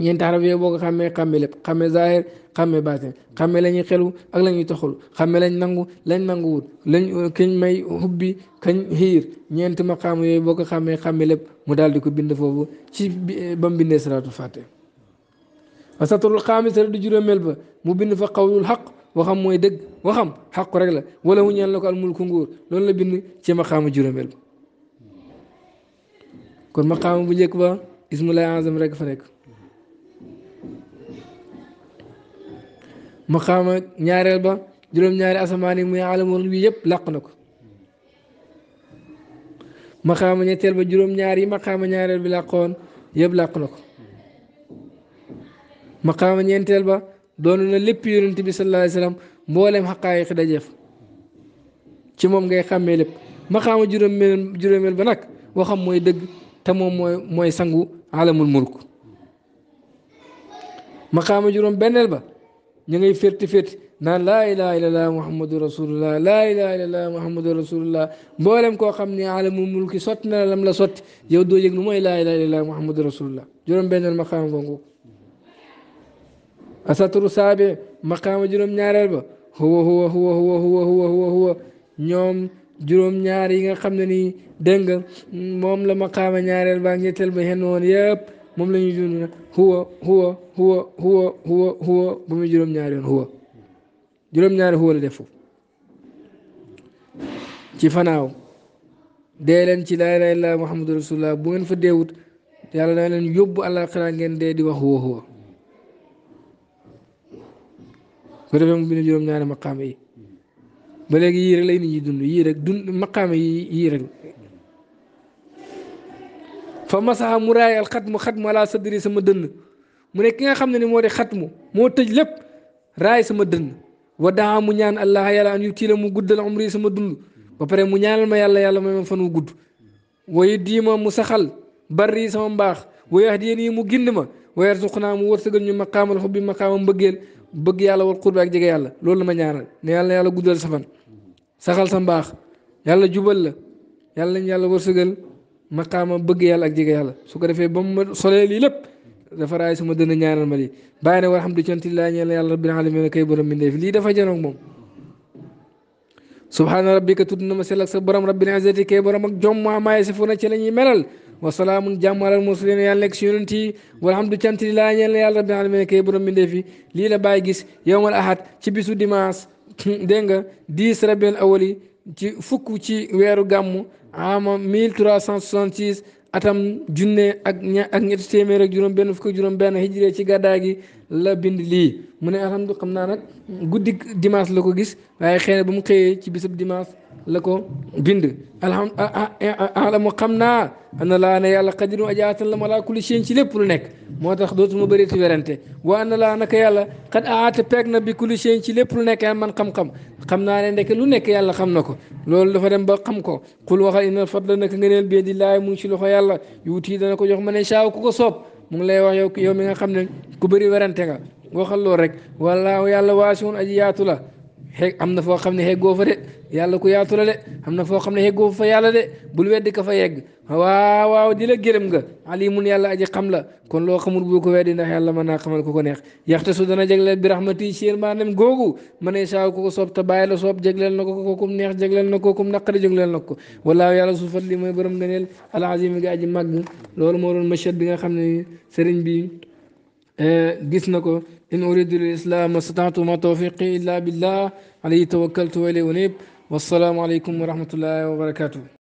[SPEAKER 1] ñeenti xaraf yooyu boo ko xàmmee xàmmee lépp xàmmee zaahir xàmmee baatin xàmmee la ñuy xelu ak la ñuy toxalu xàmmee lañ nangu lañ nangu wut lañ kañ may ubbi kañ xiir ñeenti maqaam yooyu boo ko xàmmee xàmmee lépp mu daal di ko bind foofu ci ba mu bindee salaatul fatiha wa satrul xaamis du juróomeel ba mu bind fa qawlul xaq waxam mooy dëgg waxam xaqu rek la wala wu ñaan la ko almulku nguur loolu la bind ci maqaama juróomeel ba kon maqaama bu njëkk ba ismulaay azam rek fa nekk maqaama ñaareel ba juróom-ñaari asamaan yi muy alamoon bi yëpp làq na ko maqaama ñetteel ba juróom-ñaar yi maqaama ñaareel bi làqoon yëpp làq na ko maqaama ñeenteel ba doon na lépp yonent bi sallallahu alayhi wa sallam mboolem xaqaayiq dajeef ci moom ngay xàmmee lépp maxaama juróomeel juróomeel ba nag waxam mooy dëgg te moom mooy mooy sangu alamul mulk maxaama juróom benneel ba ñu ngay férti férti naan laa ilaha illallah muhammadu rasulullah laa ilaha illallah muhammadu rasulullah mboolem koo xam ne alamul mulki sotti na lam la sotti yow doo yëg lu mooy laa ilaha illallah muhammadu rasulullah juróom benneel maxaama boobu asaturu saabe maqaama juróom-ñaareel ba huwa huwa huwa huwa huwa huwa huwa huwa ñoom juróom-ñaar yi nga xam ne nii dégg nga moom la maqaama ñaareel ba ñetteel ba moom la ñuy huwa huwa huwa huwa huwa huwa juróom-ñaari huwa juróom-ñaari huwa la def ci fanaaw dee ci laa ilaaha illallaah muhammadu rasulullah bu ngeen fa deewut yàlla na leen yóbbu àllaaxira ngeen dee di wax huwa huwa bu defee mu bind juróom-ñaari maqaama yi ba léegi yii rek lay nit ñi dund yii rek dund maqaama yi yii rek fa masaha mu raay al xatmu xatmu ala sadri sama dënn mu ne ki nga xam ne ni moo di xatmu moo tëj lépp raay sama dënn wa daa mu ñaan allah yàlla an yutii la mu guddal umri sama dund ba pare mu ñaanal ma yàlla yàlla may ma fan wu gudd wayu diima mu saxal bari sama mbaax wayax diyéen yi mu gind ma wayar suqnaa mu wërsëgal ñu maqaamal xubbi maqaama mbëggeel bëgg yàlla wal xurbi ak jege yàlla loolu la ma ñaanal ne yàlla yàlla guddal sa fan saxal sa mbaax yàlla jubal la yàlla nañ yàlla wërsëgal maqaama bëgg yàlla ak jege yàlla su ko defee ba mu ma solee lii lépp dafa raay suma dënn ñaanal ma lii bàyyi ne walhamdulilah ñeel yàlla rabbil alamin kay borom mbindeef lii dafa janoog moom subhaana rabbika tudd na ma sell ak sa borom rabbil izzati kay borom ak jom maa maaye si fu na ci la ñuy melal wasalaamun jàmm alal mursalin yàlla nekk si yonent yi walhamdu cant li laa ñeel yàlla rabbil alamin kay borom bindee lii la baay gis yowmal ahad ci bisu dimanche dégg nga dix rabiul awali ci fukk ci weeru gàmmu ama 1366 atam junne ak ña ak ñetti téeméer ak juróom benn fukk juróom benn hijré ci gàddaa gi la bind lii mu ne alhamdu xam naa nag guddi dimanche la ko gis waaye xëy ba mu xëyee ci bisab dimanche la ko bind alhamdu ah, ah, eh, ah, xam naa ana laa ne yàlla xadiru ajaatan la ma laa kulli ci lépp lu nekk moo tax dootuma bëri ci werante waa ana laa naka yàlla xad aata peeg na bi kulli seen ci lépp lu nekk man xam-xam xam naa ne ndeke lu nekk yàlla xam na ko loolu dafa dem ba xam ko xul waxal inal fadla naka ngëneel bi di laay mu ci loxo yàlla yuuti dana ko jox ma ne saaw ku ko soob mu ngi lay wax yow yow mi nga xam ne ku bëri werante nga waxal lool rek wallaahu yàlla waasiun aji yaatu la xeeg am na foo xam ne xeggoo fa de yàlla ku yaatu la de am na foo xam ne xeggoo fa yàlla de bul weddi ka fa yegg waaw waaw di la gërëm nga alimun yàlla aji xam la kon loo xamul bu ko weddi ndax yàlla mën naa xamal ku ko neex yaxte su dana jagleel bi rahmati ci yërmaandem googu man ne saa ko ko soob te bàyyi la soob jagleel na ko ko kum neex jagleel na ko kum naqari jagleel na ko walaaw yàlla su fat li mooy borom ngëneel alazim nga aji màgg loolu moo doon machet bi nga xam ne sëriñ bi eh, gis na ko إن أريد الإسلام ما استطعت وما توفيقي إلا بالله عليه توكلت وإليه أنيب والسلام عليكم ورحمة الله وبركاته